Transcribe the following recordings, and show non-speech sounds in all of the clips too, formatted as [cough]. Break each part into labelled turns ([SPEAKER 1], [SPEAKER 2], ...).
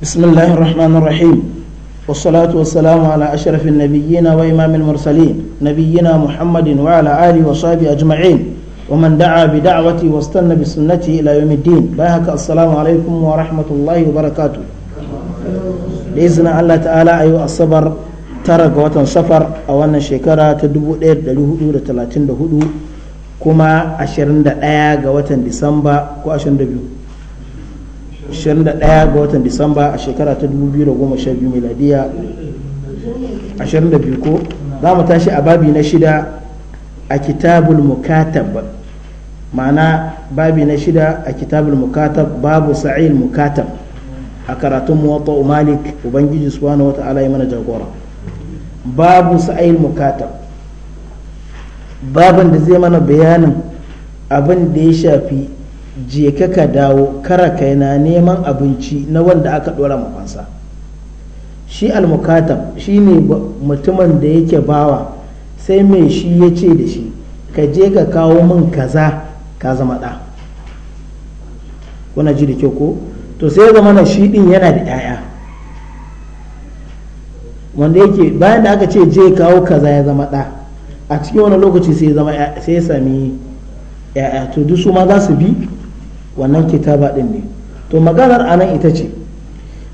[SPEAKER 1] بسم الله الرحمن الرحيم والصلاة والسلام على أشرف النبيين وإمام المرسلين نبينا محمد وعلى آله وصحبه أجمعين ومن دعا بدعوتي واستنى بسنته إلى يوم الدين باهك السلام عليكم ورحمة الله وبركاته بإذن الله تعالى أيها الصبر ترى قوة سفر أو أن الشكرة تدبو إيد لهدو لتلاتين لهدو كما أشرند آيا قوة ديسمبر كو أشرند بيو 21 ga watan disamba a shekara ta 2012 miladiya 22 ko za mu tashi a babi na shida a kitabul mukatab ma'ana babi na shida a kitabul mukatab babu sa'il mukatab a karatun mawata malik ubangiji subhanahu wata ala mana jagora babu sa'il mukatab babin da zai mana bayanin abin da ya shafi je ka ka dawo kara kai na neman abinci na wanda aka dora makonsa shi almukatab shi ne mutumin da yake bawa sai mai shi ya ce da shi ka je ka kawo min kaza ka zama ɗa kuna ji da kyau ko to sai ya zama shi ɗin yana da 'ya'ya wanda yake bayan da aka ce je kawo kaza ya zama ɗa a cikin wani lokaci sai ya sami 'ya'ya to duk ma za su bi wannan kitaba din ne to maganar anan ita ce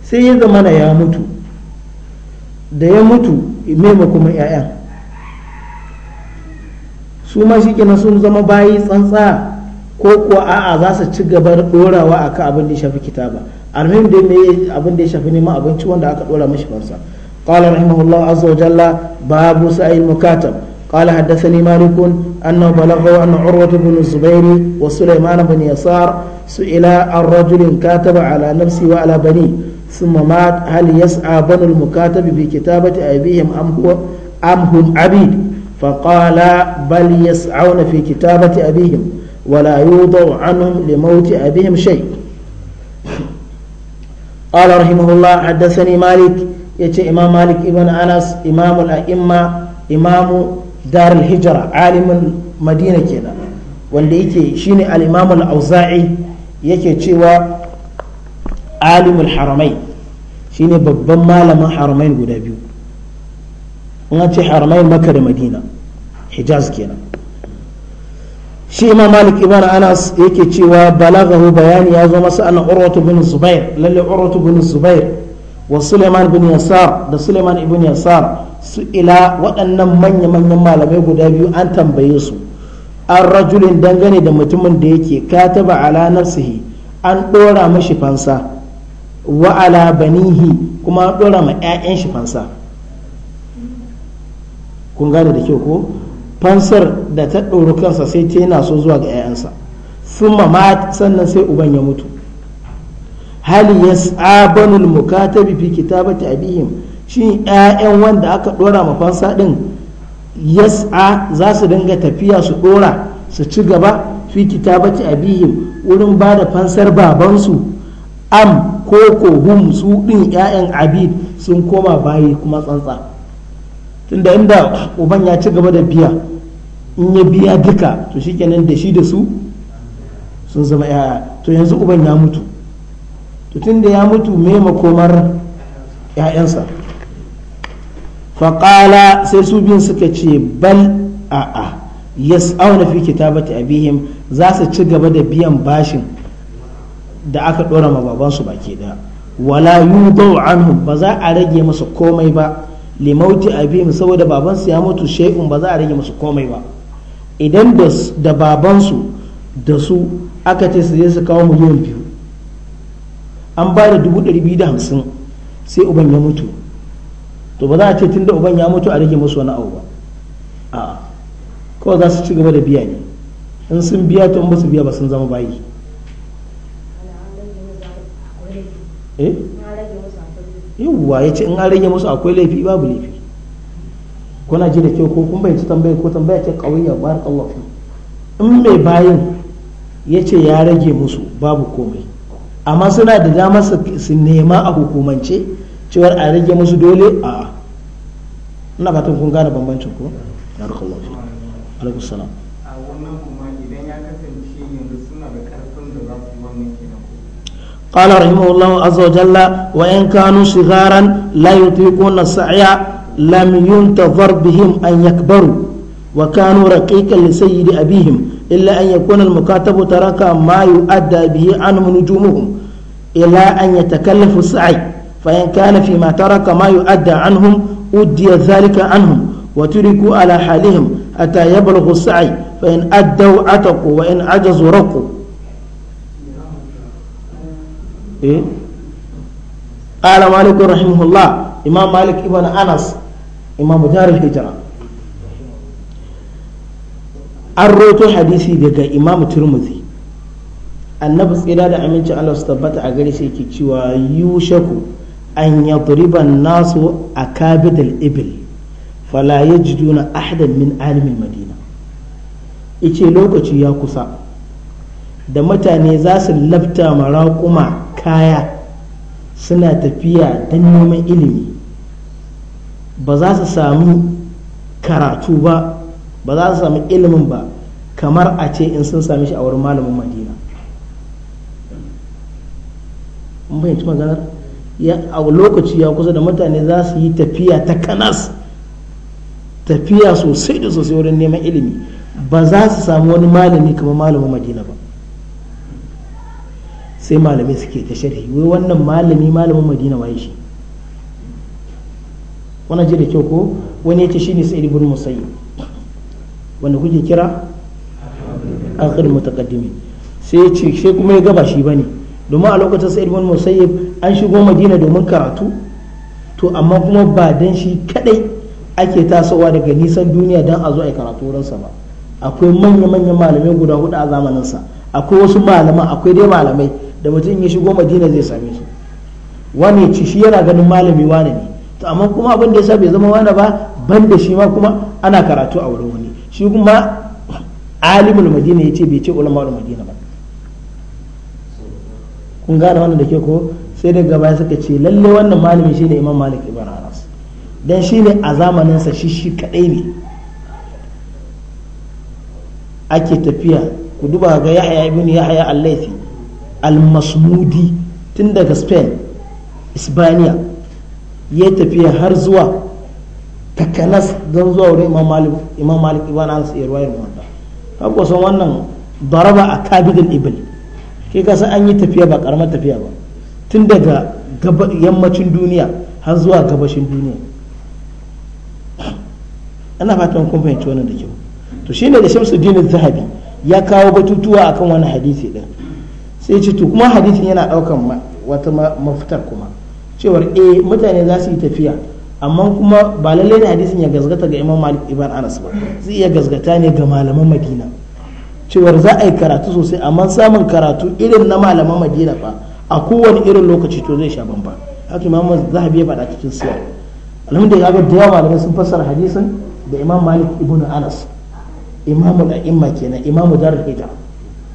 [SPEAKER 1] sai ya zamana ya mutu da ya mutu mema kuma 'ya'ya su ma shi kenan sun zama bayi tsantsa ko kuwa a'a za su ci gaba dorawa akan abin da ya shafi kitaba almuhim da me abin da ya shafi neman abinci wanda aka dora mashi fansa qala rahimahullah azza wa jalla babu sa'il mukatab قال حدثني مالك أنه بلغه أن عروة بن الزبير وسليمان بن يسار سئل عن رجل كاتب على نفسه وعلى بنيه ثم مات هل يسعى بنو المكاتب بكتابة أبيهم أم هو أم هم عبيد فقال بل يسعون في كتابة أبيهم ولا يوضع عنهم لموت أبيهم شيء قال رحمه الله حدثني مالك يتي إمام مالك ابن أنس إمام الأئمة إمام darul hijira alimin madina kenan wanda yake shine al-imam al-auza'i yake cewa alimul haramai shine babban malamin haramain guda biyu in ce haramain maka da madina hijaz kenan shi imam malik ibn anas yake cewa balaghahu bayani ya zo masa ana urwatu bin zubair lalle urwatu bin zubair wa suleiman bin yasar da suleiman ibn yasar su ila waɗannan manya-manyan malamai guda biyu an tambaye su an rajulin dangane da mutumin da yake kataba ala nafsihi an ɗora mashi fansa wa ala banihi kuma an ɗora ma 'ya'yan shi fansa kun gane da kyau ko fansar da ta ɗoro kansa sai ta yana so zuwa ga 'ya'yansa sun mamat sannan sai uban ya mutu hali ya tsabanul mukatabi fi kitabati abihim shi 'ya'yan wanda aka ɗora ma fansa ɗin yas'a za su dinga tafiya su ɗora su ci gaba fi a abihim wurin ba da fansar babansu am ko ko hum su ɗin 'ya'yan abid sun koma bayi kuma tsantsa tunda inda uban ya ci gaba da biya in ya biya duka to shikenan da shi da su sun zama 'ya'ya to yanzu uban ya mutu to tunda ya mutu me makomar 'ya'yansa faƙala sai su biyun suka ce bal a'a yas'auna fi kitabati abihim za su ci gaba da biyan bashin da aka ɗora ma babansu baki ɗaya wala yudau anhum ba za a rage masa komai ba limauti abihim saboda babansu ya mutu shay'un ba za a rage masa komai ba idan da babansu da su aka ce su je su kawo miliyan biyu an ba da dubu ɗari biyu da hamsin sai uban ya mutu to ba za a ce tunda uban ya mutu a rage musu wani abu ba a kawai za su ci gaba da biya ne in sun biya to in ba su biya ba sun zama bayi eh yawwa ya ce in an rage musu akwai laifi babu laifi kuna ji da kyau ko kun bayyanci tambaya ko tambaya ce kawai ya bar Allah fi in mai bayin ya ce ya rage musu babu komai amma suna da damar su nema a hukumance cewar a rage musu dole a ina fatan kun gane bambancin ko ya ruka lafi alaikum salam a wannan kuma idan ya kasance yanzu suna da karfin da za su yi wannan kenan قال رحمه الله عز وجل وإن كانوا صغارا لا يطيقون السعي لم ينتظر بهم أن يكبروا وكانوا رقيقا لسيد أبيهم إلا أن يكون المكاتب ترك ما يؤدى به عنهم نجومهم إلى أن يتكلفوا السعي فإن كان فيما ترك ما يؤدى عنهم أدي ذلك عنهم وتركوا على حالهم حتى يبلغوا السعي فإن أدوا عتقوا وإن عجزوا رقوا إيه؟ قال مالك رحمه الله إمام مالك ابن أنس إمام دار الهجرة an roto hadisi daga imam turmuzi annabi tsira da amincin allah su tabbata a gare shi ke cewa yushaku an yadriba nasu a kabidal ibil fala yajiduna ahadan min alimin madina ice lokaci ya kusa da mutane za su labta maraƙuma kaya suna tafiya don neman ilimi ba za su sami karatu ba ba za su sami ilimin ba kamar a ce in sun sami shi a wurin malamin madina mun fahimci maganar a lokaci ya kusa da mutane za su yi tafiya ta kanas tafiya sosai da sosai wurin neman ilimi ba za su samu wani malami kamar malamin madina ba sai malamai suke ta sharhi wai wannan malami malamin madina waye shi wani ji da kyau ko wani ya ce ne sai ibn musayi wanda kuke kira akhir mutakaddimi sai ya ce sai kuma ya gaba shi ne. domin a lokacin sa'id bin musayyib an shigo madina domin karatu to amma kuma ba dan shi kadai ake tasowa daga nisan duniya dan a zo a yi karatu wurinsa ba akwai manya-manyan malamai guda hudu a sa akwai wasu malaman akwai dai malamai da mutum ya shigo madina zai same su wani ci shi yana ganin malami wani ne to amma kuma abin da sa bai zama wani ba ban da shi ma kuma ana karatu a wurin wani shi kuma alimul madina ya ce bai ce ulama madina ba kun gane wannan da ke ko sai dai gaba suka ce lalle wannan malami ne imam malik ibn anas dan ne a zamanin sa shi shi kadai ne ake tafiya ku duba ga yahya ibn yahya al-laythi al-masmudi tun daga spain ispaniya ya tafiya har zuwa takanas don zuwa wurin imam malik imam malik ibn anas ya ruwaya mu wanda kaga san wannan daraba akabidul ibn ke kasa an yi tafiya ba karamar tafiya ba tun daga yammacin duniya har zuwa gabashin duniya ana fatan kun fahimci wannan da kyau to shine da shamsu dini zahabi ya kawo batutuwa akan wani hadisi din sai ce to kuma hadisin yana daukan wata mafitar kuma cewar eh mutane za su yi tafiya amma kuma ba lallai ne hadisin ya gazgata ga imam malik ibn anas ba zai iya gazgata ne ga malaman madina cewar za a yi karatu sosai amma samun karatu irin na malaman madina ba a kowane irin lokaci to zai sha bamba haka imam zahabi ya faɗa cikin siya alhamdulillah ga da yawa malamai sun fassara hadisin da imam malik ibn anas imamul a'imma kenan imamu darul hijra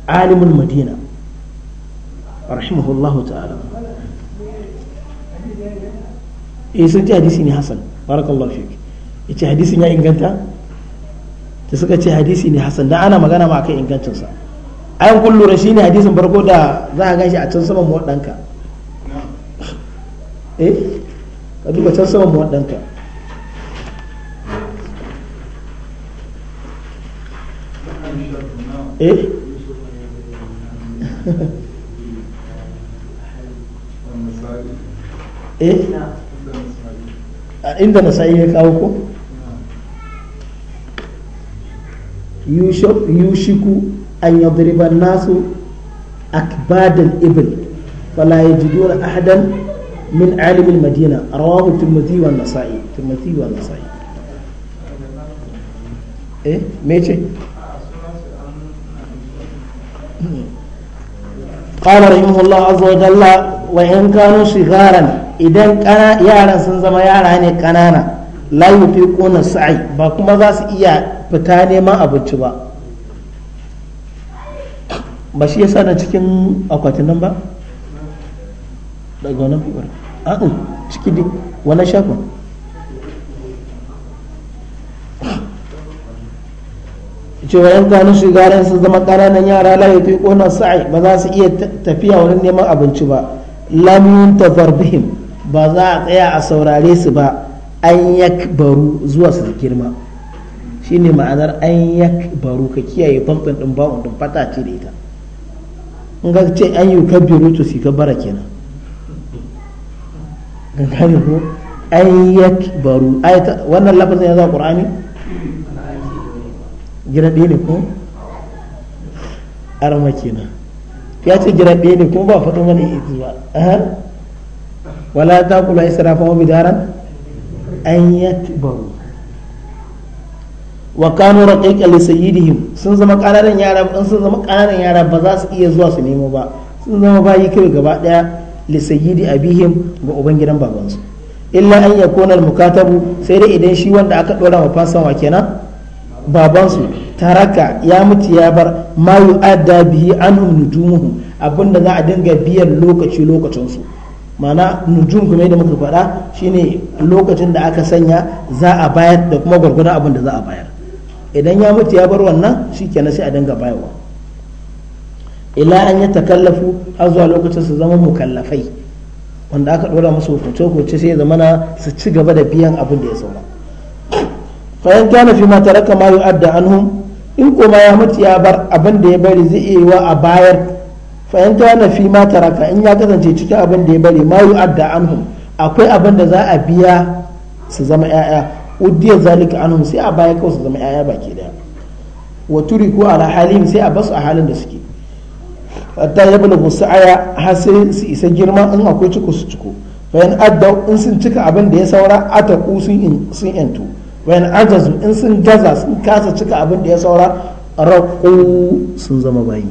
[SPEAKER 1] alimul madina rahimahullahu ta'ala eh sun ce hadisi ne hasan barakallahu fiki yace hadisin ya inganta da suka ce hadisi ne hasan da ana magana ma akan ingancinsa ayan kullu rashi shi ne hadisin farko da za ka gashi a can saman muwaddanka eh ka duba can saman muwaddanka eh [laughs] eh inda nasa'i ya kawo ko yushiku an yadriba nasu akbadal ibil fala yajiduna ahadan min alimin madina rawahu tirmidhi wa nasa'i tirmidhi wa nasa'i eh me ce قال رحمه الله عز وجل وإن كانوا idan إذا كان sun zama يارا يعني la kona sa'i ba kuma za su iya fita neman abinci ba ba shi yasa na cikin akwatin nan ba daga wannan fiwar a'a ciki dai wani shafin cewa yan kwanin shigaran su zama ƙananan yara la fi kona sa'i ba za su iya tafiya wurin neman abinci ba lamun tafarbihim ba za a tsaya a saurare su ba an yakbaru zuwa su girma shine ma'anar an yakbaru ka kiyaye bamfin din ba wanda fata ce da ita in ga ce an yi kabbiru to si bara kenan gane ko an yakbaru ayata wannan lafazin ya zo qur'ani giraɗe ne ko arma kenan ya ce giraɗe ne ko ba faɗin wani yi ba wala ta kula israfa wa bidaran an yakbaru wa kanu raqiqa sun zama ƙananan yara in sun zama ƙananan yara ba za su iya zuwa su nemo ba sun zama bayi kai gaba daya li abihim ga ubangidan babansu illa an yakuna kona mukatabu sai dai idan shi wanda aka ɗora wa wa kenan babansu taraka ya mutu ya bar mayu adda bihi anhum nujumuhum abinda za a dinga biyan lokaci lokacinsu mana nujum kuma yadda muka faɗa shine lokacin da aka sanya za a bayar da kuma gwargwadon abin da za a bayar idan ya mutu ya bar wannan na sai a dinga bayarwa ila an ya takallafu har zuwa lokacin su zama mukallafai wanda aka ɗora musu hukunce hukunce sai ya na su ci gaba da biyan abin da ya zama fayan gane fi ma taraka adda an anhum in koma ya mutu ya bar abin da ya bari zai iya yi wa a bayar fa'in na fi ma taraka in ya kasance cikin abin da ya bari ma an anhum akwai abin da za a biya su zama yaya uddiya zalika anhum sai a baya kawai su zama yaya baki daya wa ko ala halin sai a basu a halin da suke hatta ya su aya har sai su isa girma in akwai ciko su ciko bayan adda in sun cika abin da ya saura ataku sun sun yanto bayan ajazu in sun gaza sun kasa cika abin da ya saura raku sun zama bayi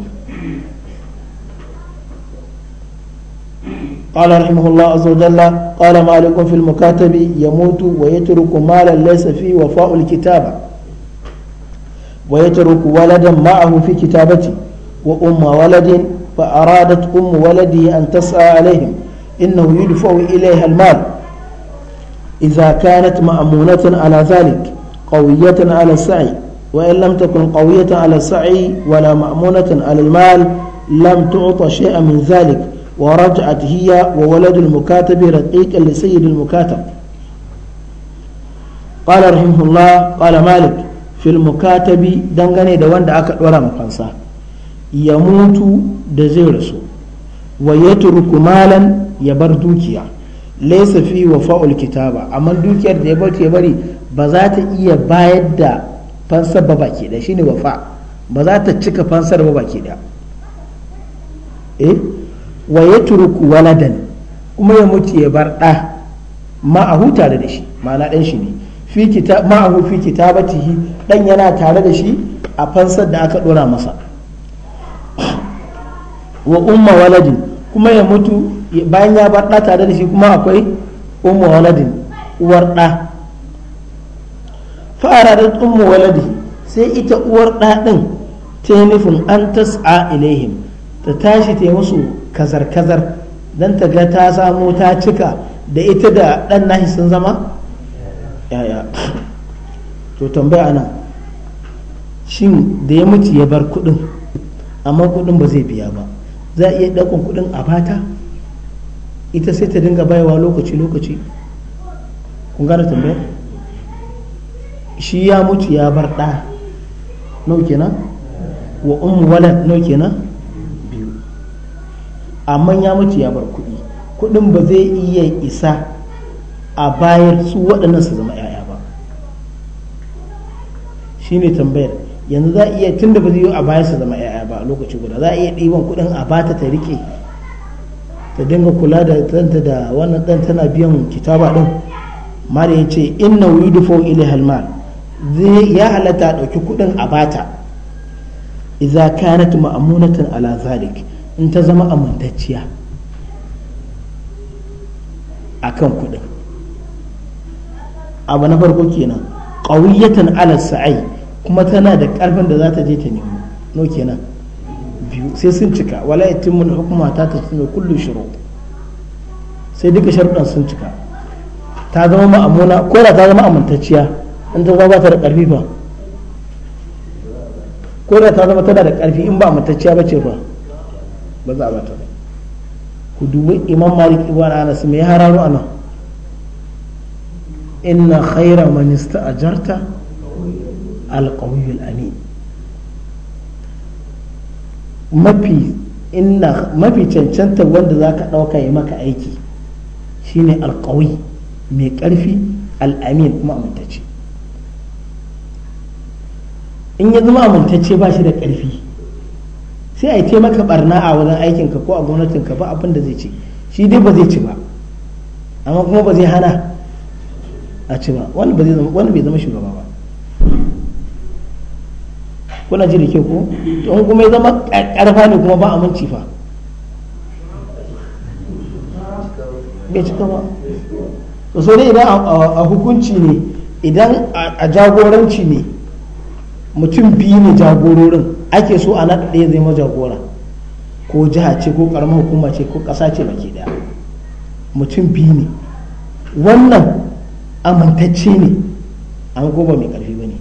[SPEAKER 1] قال رحمه الله عز وجل قال مالك في المكاتب يموت ويترك مالا ليس فيه وفاء الكتابة ويترك ولدا معه في كتابته وأم ولد فأرادت أم ولده أن تسعى عليهم إنه يدفع إليها المال إذا كانت مأمونة على ذلك قوية على السعي وإن لم تكن قوية على السعي ولا مأمونة على المال لم تعط شيئا من ذلك ورجعت هي وولد المكاتب رقيقا لسيد المكاتب قال رحمه الله قال مالك في المكاتب دنغني دا وند أكا ورا مقنصا يموت دا زيرسو ويترك مالا يبر دوكيا ليس في وفاء الكتابة أما دوكيا دا يبر يبري بذات إيا بايد دا فانسا باباكي دا شيني وفاء بذات تشك فانسا باباكي دا إيه wa ya turku waladan kuma ya mutu ya bar ɗa ma'ahu tare da shi ma'ana ɗan shi ne ma'ahu fi kitabatihi ɗan yana tare da shi a fansar da aka ɗora masa wa umma waladin kuma ya mutu bayan ya bar ɗa tare da shi kuma akwai umma waladin uwar ɗa da umma waladi sai ita uwar ɗa ɗin ta nufin an tas'a ilaihim ta tashi ta yi musu kazar-kazar don ta ga ta samu ta cika da ita da ɗan nashi sun zama yaya to tambaya ana shin da ya mutu ya bar kuɗin amma kuɗin ba zai biya ba za a iya ɗaukun kuɗin a bata ita sai ta dinga bayawa lokaci-lokaci kun gane tambayar shi ya mutu ya bar ɗa nau kenan wa umu walad nau kenan amma ya mutu ya bar kuɗi kuɗin ba zai iya isa a bayar su waɗannan su zama 'ya'ya ba shine tambayar yanzu za a iya tun da ba zai yi a bayar su zama 'ya'ya ba a lokaci guda za a iya ɗiban kuɗin a bata ta rike ta dinga kula da ɗanta da wannan ɗan tana biyan kitaba ɗin mara ya ce inna yudufo ile zai ya halatta a ɗauki kuɗin a bata iza kanat ma'amunatan ala zalik in ta zama amintacciya a kan kuɗin abu na farko kenan ƙauyatan ala sa'ai kuma tana da ƙarfin da za ta je ta nemo no kenan biyu sai sun cika wala yatimul hukuma ta tasunu kullu shuru sai duka sharuɗan sun cika ta zama ma'amuna ko da ta zama amintacciya in ta zama ba ta da ƙarfi ba ko da ta zama tana da ƙarfi in ba amintacciya ba ce ba ba za a bata ba ku dubi imam malik ibn anas me hararo anan inna khayra man ista'jarta al-qawiyyu amin mafi inna mafi cancanta wanda zaka dauka ya maka aiki shine alqawi mai karfi al-amin kuma amintacce in ya zama amintacce ba shi da karfi sai a yi taimaka barna a wajen aikinka ko a gwamnatinka ba abin da zai ci shi dai ba zai ci ba amma kuma ba zai hana a ci ba wani bai zama shugaba ba kuna ji da ke ko to in kuma ya zama karfa ne kuma ba aminci fa bai cika ba to so dai idan a hukunci ne idan a jagoranci ne mutum biyu ne jagororin ake so a naɗa ɗaya zai majagora ko jiha ce ko ƙaramar hukuma ce ko ƙasa ce baki ɗaya mutum biyu ne wannan amintacce ne an ko mai ƙarfi ba ne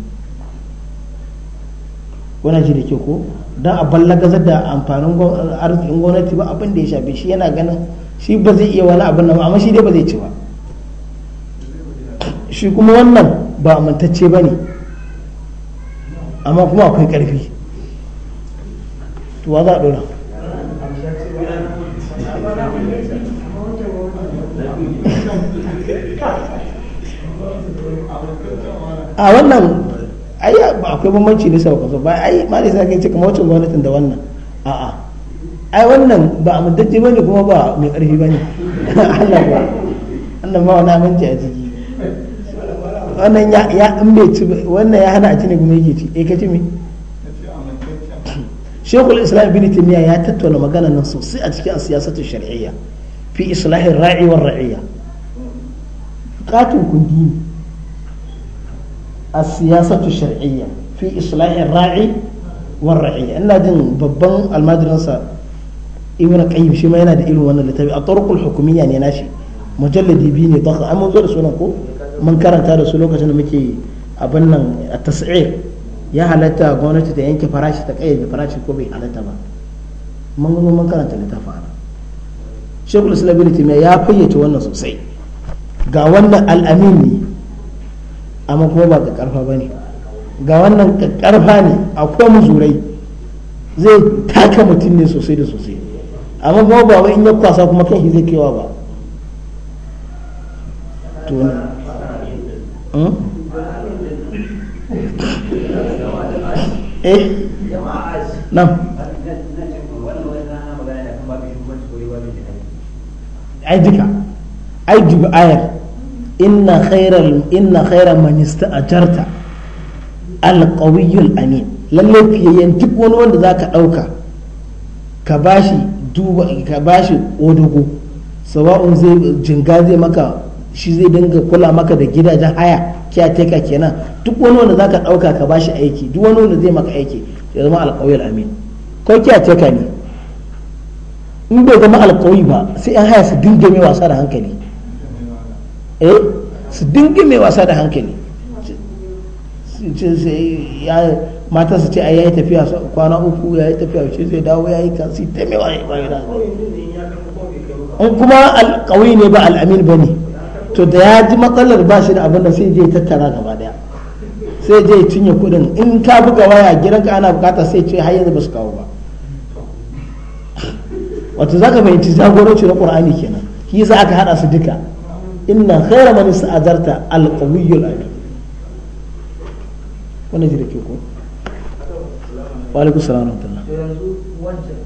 [SPEAKER 1] wani ji da ke ko don a ballagazar da amfanin arzikin gwamnati ba abin da ya shafi shi yana ganin shi ba zai iya wani abin nan amma shi dai ba zai ci ba shi kuma wannan ba amintacce ba ne amma kuma akwai ƙarfi tuwa wa za a dora a wannan ayi akwai bambanci ne sau kaso ba ai ma da sake cika mawacin wacce gwamnatin da wannan a a ai wannan ba a ba ne kuma ba mai karfi bane Allah ba wannan ba wani aminci a ciki wannan ya in bai ci wannan ya hana a ci ne kuma yake ci eh ka ci me shekul islam bin timiya ya tattauna magana nan sosai a cikin siyasatun shari'iyya fi islahin ra'i wa ra'iyya katin kundi a siyasatu shari'iyya fi islahin ra'i wa ra'iyya ina jin babban almajiransa ibn qayyim shi ma yana da irin wannan littafi a tarqul hukumiyya ne nashi mujalladi biyu ne daga an mun zo da sunan ko mun karanta da su lokacin da muke abin nan a tas'ir ya halatta gwamnati ta yanke farashi ta kayyade farashi ko bai halatta ba mun gano mun karanta littafin ana shekul islamiliti mai ya fayyace wannan sosai ga wannan al'amin ne amma kuma ba ga karfa ne ga wannan karfa ne akwai muzurai zai taka mutum ne sosai da sosai amma kuma ba wa in ya kwasa kuma kai zai kewa ba to ne hmm? eh nan ai duka ai dubu ayar inna khairal inna khairal man ista'jarta alqawiyyul amin lalle fiyayyen duk wani wanda zaka dauka ka bashi duba ka bashi odogo sawa'un zai jinga zai maka shi zai dinga kula maka da gidajen haya kya teka kenan duk wani wanda zaka dauka ka bashi aiki duk wani wanda zai maka aiki ya zama alqawiyul amin ko kya teka ne in bai zama alqawi ba sai an haya su dinga mai wasa da hankali eh su dinga mai wasa da hankali mata su ce ayi yayi tafiya kwana uku yayi tafiya ce zai dawo yayi kan sai ta mai wasa in kuma alqawi ne ba al'amin bane to da ya ji matsalar ba shi da abin da sai je tattara gaba daya sai je cinye kudin in ka buga waya ka ana bukata sai ce har yanzu ba su kawo ba wato za ka fahimci jagoranci na qur'ani kenan shi yasa aka hada su duka inna khayra man sa'azarta al-qawiyyul amin wannan jira ke ko wa alaikum wa rahmatullah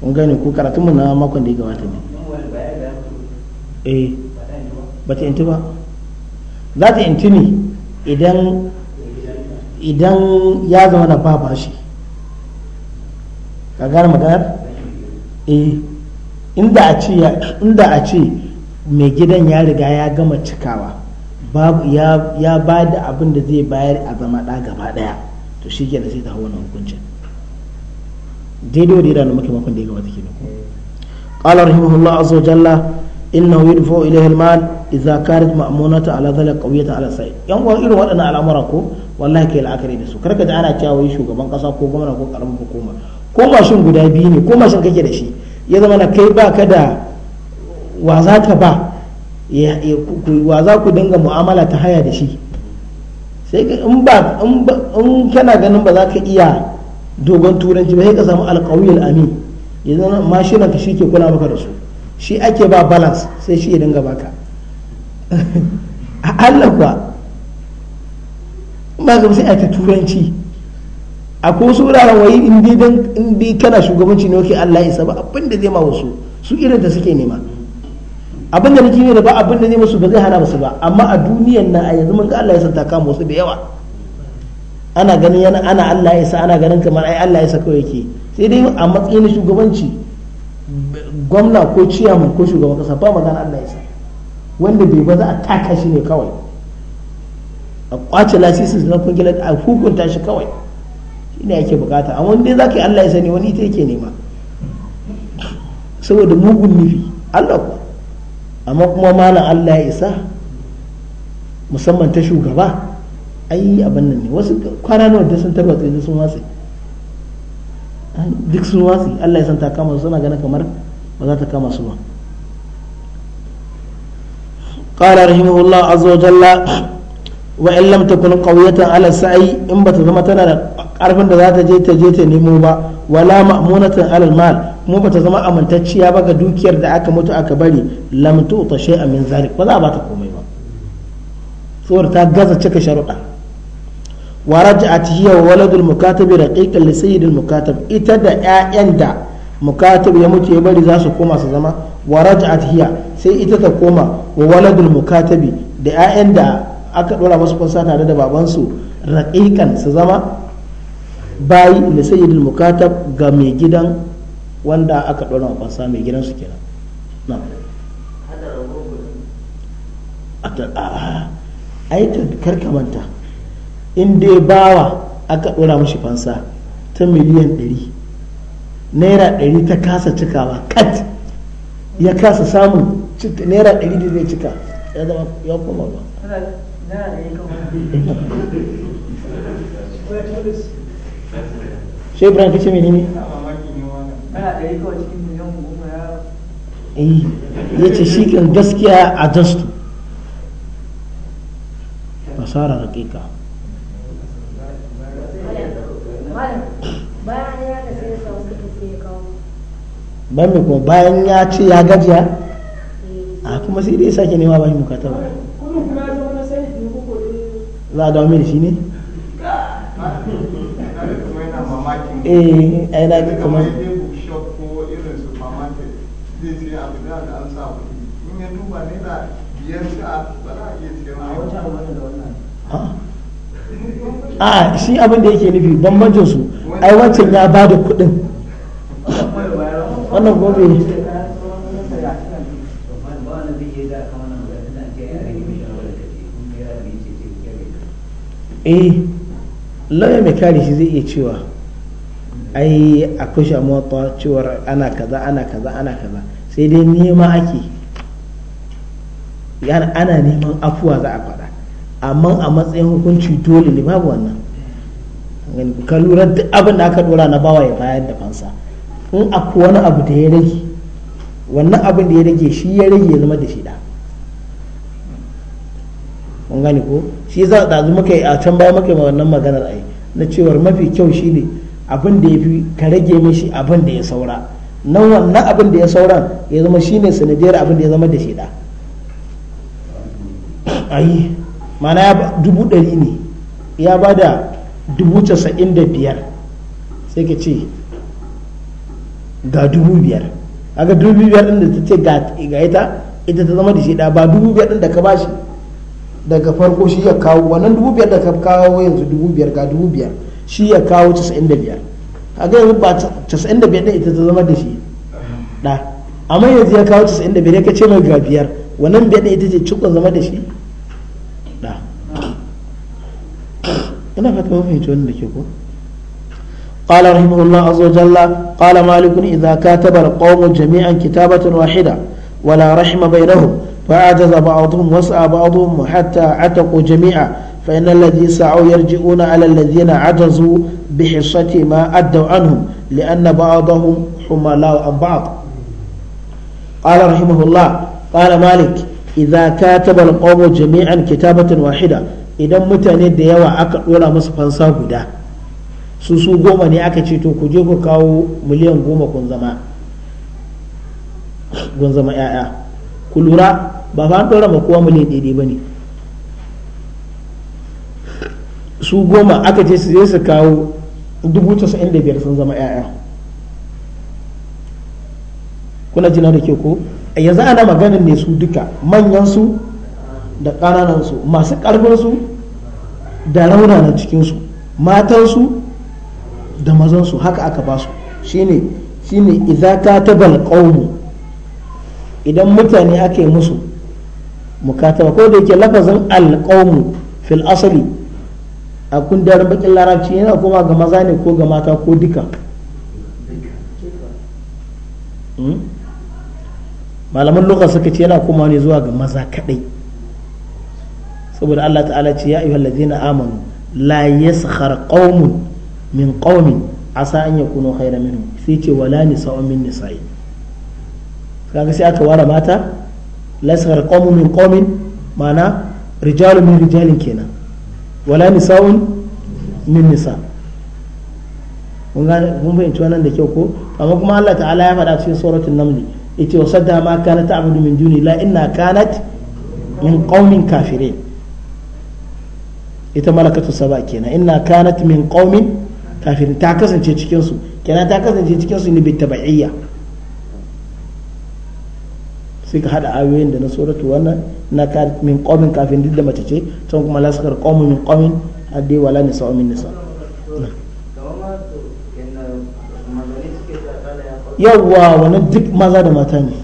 [SPEAKER 1] kun gani ko karatun mu na makon da ya gabata ne eh ba ta inti ba za ta inti ne idan idan ya zama na ba bashi ka gane maganar eh inda a ce inda a ce mai gidan ya riga ya gama cikawa babu ya ba da abin da zai bayar a zama ɗa gaba ɗaya to shi ke da sai ta hau wani hukuncin daidai da daidai da muke makon da ya gabata kenan qala rahimahullah azza wa jalla inna yudfa ilayhi al-mal idza kanat ma'munata ala dhalika qawiyatan ala sa'i yan uwa irin waɗannan al'amura ko wallahi kai la'akari da su karka da ana cewa shugaban kasa ko gwamnati ko karamin hukuma ko mashin guda biyu ne ko mashin kake da shi ya zama na kai ba ka da wa za ka ba wa za ku dinga mu'amala ta haya da shi sai in ba in kana ganin ba za ka iya dogon turanci ba sai ka samu alƙawiyar amin idan mashinan ka shi ke kula maka da su shi ake ba balance sai shi idan ga baka [laughs] Allah kuwa ba ga sai a ta turanci a ko su wuraren wayi in bi kana shugabanci ne wake Allah isa ba abin da zai ma wasu su irin da suke nema abin da nake da ba abin da zai musu ba zai hana musu ba amma a duniyan nan a yanzu mun ga Allah ya santa kama wasu da yawa ana ganin yana ana Allah ya sa ana ganin kamar ai Allah ya sa kawai yake sai dai a matsayin shugabanci gwamna ko ciyaman ko shugaban kasa ba magana Allah ya sa wanda bai ba za a taka shi ne kawai a kwace lasisis na kungilar a hukunta shi kawai shi ne yake bukata amma dai zaka yi Allah ya sani wani ita yake nema saboda mugun nufi Allah ku amma kuma malam Allah ya isa musamman ta shugaba ai abin nan ne wasu kwana nawa da sun tarwatsa yanzu sun watsi duk sun watsi ah, Allah ya san ta kama su suna ganin kamar ba za ta kama su ba azza رحمه الله عز وجل وإن لم تكن قوية in ba ta zama tana da da za ta je ta je ta nemo ba wala ma'munatan alal mal mu bata zama amintacciya ba ga dukiyar da aka mutu aka bari lam ta shay'an min zalik ba za a bata komai ba saboda ta gaza cika sharuɗa waraja raja'at hiya wa waladul mukatabi raqiqan li sayyidil mukatab ita da ƴaƴan da mukatabi ya mutu ya bari za su koma su zama waraja raja'at hiya sai ita ta koma wa waladul mukatabi da ƴaƴan da aka dora musu fansa tare da babansu raqiqan su zama bayi li sayyidil mukatab ga mai gidan wanda aka dora fansa mai gidan su kenan na'am ai karka manta in dai bawa aka ɗora mashi fansa ta miliyan ɗari naira ɗari ta kasa cikawa kat ya kasa samun naira ɗari da zai cika ya zama ya koma ba
[SPEAKER 2] shi ibrahim kace mene ne
[SPEAKER 1] eh, ya ce shi gaskiya a jastu fasara hakika ban mai kuma bayan ya ce ya gajiya eh. a ah, kuma sai dai sake nema bayan mukata ba za a dawo mai shi ne eh ainihin na kuma a shi abin da yake nufi bambancin su ai wancan ya ba da kuɗin wannan gobe eh lauya mai kare shi zai iya cewa ai akwai shamuwa cewar ana kaza ana kaza ana kaza sai dai nema ake ana neman afuwa za a faɗa amma a matsayin hukunci dole ne babu wannan ka lura duk abin da aka dora na bawa ya bayar da fansa in akwai wani abu da ya rage wannan abin da ya rage shi ya rage ya zama da shi da kun gane ko shi za a muka a can baya muka ma wannan maganar ai na cewar mafi kyau shi ne abin da ya fi ka rage mishi abin da ya saura nan wannan abin da ya sauran ya zama shi ne sanadiyar abin da ya zama da shi da ayi mana ya dubu ɗari ne ya ba da dubu casa'in da biyar sai ka ce ga dubu biyar haka dubu biyar ɗin da ta ce ga ita ita ta zama da shi ba dubu biyar ɗin da ka ba shi daga farko shi ya kawo wannan dubu biyar da ka kawo yanzu dubu biyar ga dubu biyar shi ya kawo casa'in da biyar haka yanzu ba casa'in da biyar ɗin ita ta zama da shi amma yanzu ya kawo casa'in da biyar ya ka ce mai ga biyar wannan biyar ɗin ita ce cikin zama da shi ina fata mun fahimci wannan da ke ko قال رحمه الله عز وجل قال مالك إذا كاتب القوم جميعا كتابة واحدة ولا رحم بينهم فعجز بعضهم وسعى بعضهم حتى عتقوا جميعا فإن الذي سعوا يرجعون على الذين عجزوا بحصة ما أدوا عنهم لأن بعضهم حملاء عن بعض قال رحمه الله قال مالك إذا كاتب القوم جميعا كتابة واحدة idan mutane da yawa aka ɗora musu fansa guda su su goma ne aka ce to ku je ku kawo miliyan goma kun zama kun zama 'ya'ya ku lura ba fa an ɗora ma kowa miliyan ɗaiɗai ba ne su goma aka ce su je su kawo dubu casa'in da biyar sun zama 'ya'ya kuna jina da ke ko yanzu ana maganin ne su duka manyan su da ƙananan su masu ƙarfin su da raunana cikinsu matansu da mazansu haka aka ba su shine shine idza tabal qaumu idan mutane aka yi musu mukataba ko da yake lafazin alqaumu fil asali a kundin bakin larabci yana kuma ga maza ne ko ga mata ko duka hmm? malaman lokacin suka ce yana kuma ne zuwa ga maza kadai saboda Allah ta'ala ce ya ayyuhal ladzina amanu la yaskhar qaumun min qaumin asa an yakunu khayra minhum sai ce wala nisa'un min nisa'i kaga sai aka ware mata la yaskhar qaumun min qaumin ma'ana rijalun min rijalin kenan wala nisa'un min nisa mun fahimci nan da kyau ko amma kuma Allah ta'ala ya faɗa cikin suratul naml yace wa sadda ma kana ta'budu min duni la inna kanat min qaumin kafirin ita malakatu saba kenan inna kanat min qaumin kafirin ta kasance cikin su kenan ta kasance cikin su ne bitabaiya sai ka hada ayoyin da na suratu wannan na kanat min qaumin kafirin duk da mace ce can kuma laskar qaumin min qaumin hadde wala nisa min nisa yawwa wannan duk maza da mata ne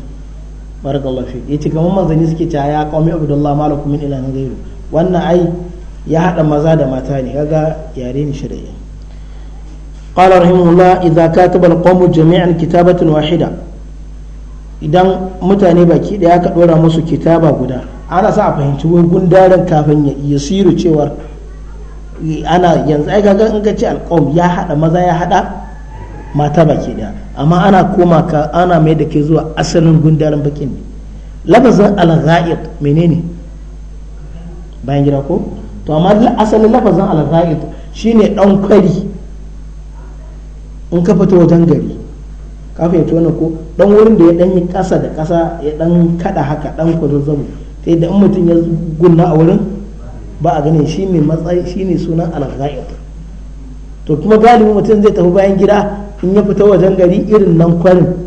[SPEAKER 1] barakallahu fi yace kamar manzanni suke ta ya qaumi abdullahi malakum min ilahin ghayru wannan ai ya haɗa maza da mata ne kaga yare ne shari'a قال رحمه الله إذا كاتب القوم جميعا كتابة idan mutane baki da ka ɗora musu kitaba guda ana sa a fahimci wai gundaren kafin ya siru cewa ana yanzu ai kaga in ka ce alqaum ya hada maza ya haɗa mata baki ɗaya amma ana koma ka ana mai da ke zuwa asalin gundaren bakin ne lafazin al-ghaib menene bayan gida ko to amma asalin lafazin al-za'id shine dan kwari in ka fito wajen gari ka fahimci wannan ko dan wurin da ya dan yi kasa da kasa ya dan kada haka dan kwazazzabo ta yadda in mutum ya gunna a wurin ba a ganin shi ne matsayi shi ne sunan al to kuma galibi mutum zai tafi bayan gida in ya fita wajen gari irin nan kwarin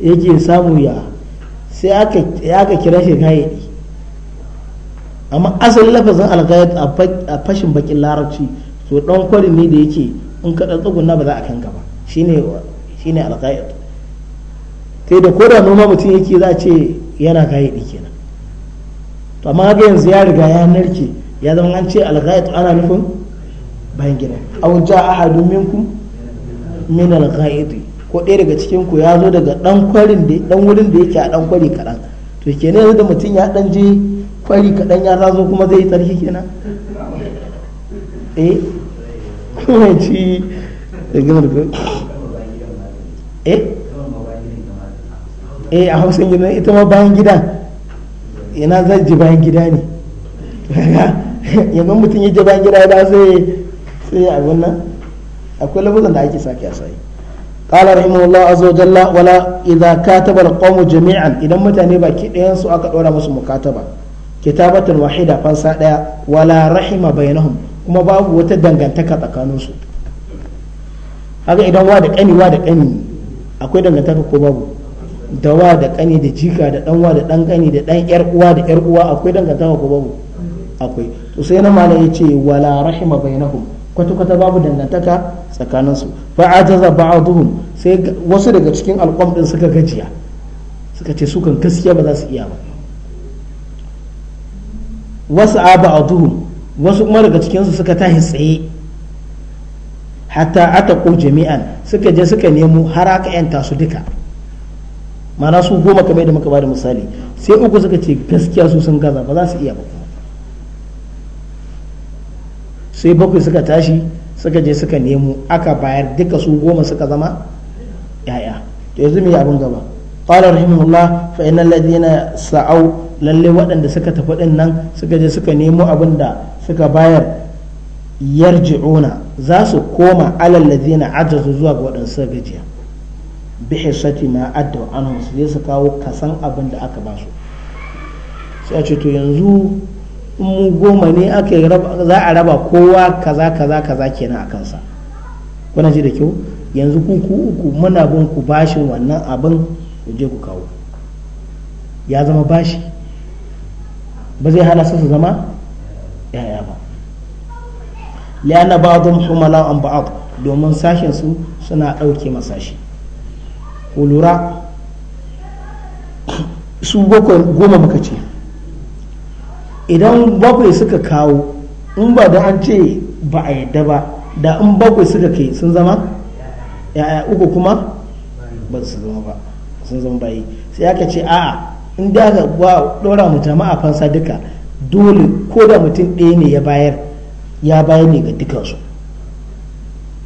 [SPEAKER 1] yake samu ya sai aka kira shi gayyadi amma asalin lafazin alghayat a fashin bakin larabci to dan kwari ne da yake in ka dan tsuguna ba za a kanka ba shine shine alghayat kai da koda noma mutum yake za a ce yana gayyadi kenan to amma ga yanzu ya riga ya narke ya zama an ce alghayat ana nufin bayan gida aw ja ahadun minkum min alghayat ko ɗaya daga cikin ku ya zo daga dan kwarin da dan wurin da yake a dan kwari kaɗan to kenan yanzu da mutum ya dan je fari kaɗan ya zazo kuma zai yi tsarki kenan eh ci [laughs] rigimar eh eh a hausa gina ita ma bayan gida yana zai ji bayan gida ne [laughs] yamman mutum ya ji bayan gida ba sai sai a wannan akwai lafazan da ake sake a sai قال رحمه الله عز وجل ولا إذا كاتب القوم جميعا إذا متى نبا كي أنسوا أكد ولا مسلم كاتبا kitabatan wahida fansa daya wala rahima bainahum kuma babu wata dangantaka tsakanin su haka idan wa da kani wa da kani akwai dangantaka ko babu da wa da kani da jika da dan wa da dan kani da dan yar uwa da yar uwa akwai dangantaka ko babu akwai to sai na malai yace wala rahima bainahum kwata-kwata babu dangantaka tsakanin su fa ajaza ba'dhum sai wasu daga cikin alqom din suka gajiya suka ce su kan gaskiya ba za su iya ba wasu aba duhu wasu kuma daga cikinsu suka tashi tsaye hatta ata ko jami'an suka je suka nemo har aka yanta su duka mana su goma kama da muka bada misali sai uku suka ce gaskiya su sun gaza ba za su iya ba sai bakwai suka tashi suka je suka nemo aka bayar duka su goma suka zama yaya to yanzu yi abin gaba qala rahimahullah fa innal ladina sa'au lalle waɗanda suka tafi ɗin nan suka je suka nemo abin da suka bayar yarji'una za su koma alal ladina ajazu zuwa ga waɗanda suka gajiya bi hisati ma adda anhum su su kawo kasan abin da aka ba su ce to yanzu in mu goma ne aka raba kowa kaza kaza kaza kenan a kansa kuna ji da kyau yanzu ku ku uku muna bin ku bashin wannan abin ku je ku kawo ya zama bashi ba zai hana su zama yaya ba liana don humala an ba domin sashen su suna ɗauke masashi ku lura su goma muka ce idan bakwai suka kawo in ba da an ce ba a yadda ba da in bakwai suka kai sun zama ya'ya uku kuma ba su zama ba sun zama bayi sai aka ce a'a in da ga ba dora mu jama'a fansa duka dole ko da mutum ɗaya ne ya bayar ya bayar ne ga dukansu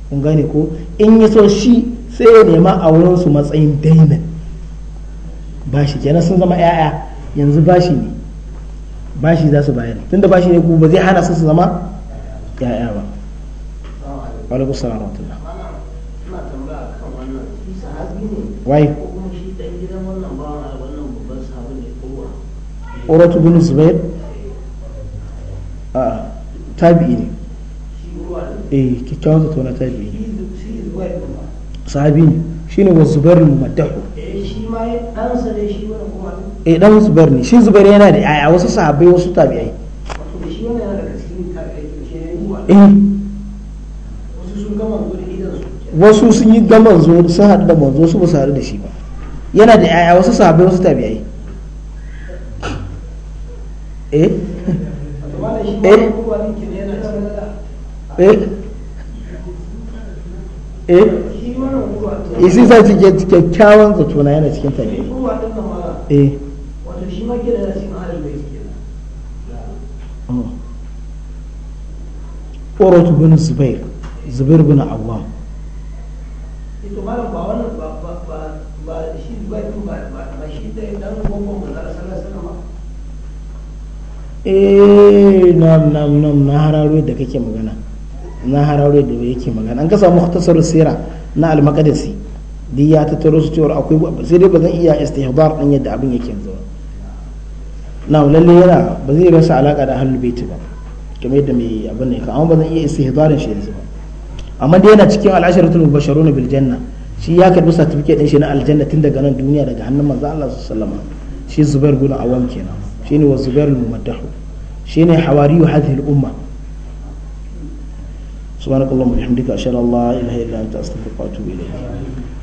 [SPEAKER 1] kun gane ko in yi so shi sai ya nema a wurin su matsayin dainan bashi kenan sun zama 'ya'ya yanzu bashi ne bashi za su bayar tunda bashi ne ku ba zai hana su su zama 'ya'ya ba alaikum salam wa rahmatullah wai urwatu bin zubair a tabi'i ne eh kikkiawan zato na tabi'i ne sahabi ne ne wa zubair mumaddahu eh dan eh, zubair ne shi zubair yana da yaya wasu sahabai wasu tabi'ai eh. wasu sun yi gaman zo sun haɗu da manzo su ba su haɗu da shi ba yana da yaya wasu sahabai wasu tabi'ai eh eh eh eh kyakkyawan zato na yana cikin tabi eh wato shi ma da cikin ahalul bayt kenan Urwatu Zubair bin Awwam ito eh, malam ba wannan ba shi Zubair ba shi da eh nam nam nam na hararo da kake magana na hararo da yake magana an ka samu mukhtasar sira na al-maqdisi di ya tattaro su cewa akwai sai dai ba zan iya istihdar din yadda abin yake yanzu na lalle yana ba zai rasa alaka da ahlul bait ba kamar yadda mai abin ne ka amma ba zan iya istihdarin shi yanzu ba amma dai yana cikin al-asharatul mubashshiruna bil janna shi ya karbi certificate din shi na aljanna tun daga nan duniya daga hannun manzo Allah sallallahu alaihi wasallam shi Zubair bin Awam kenan شيني والزبير الممدح شيني حواري هذه الأمة سبحانك اللهم وبحمدك أشهد أن لا إله إلا أنت أستغفرك وأتوب إليك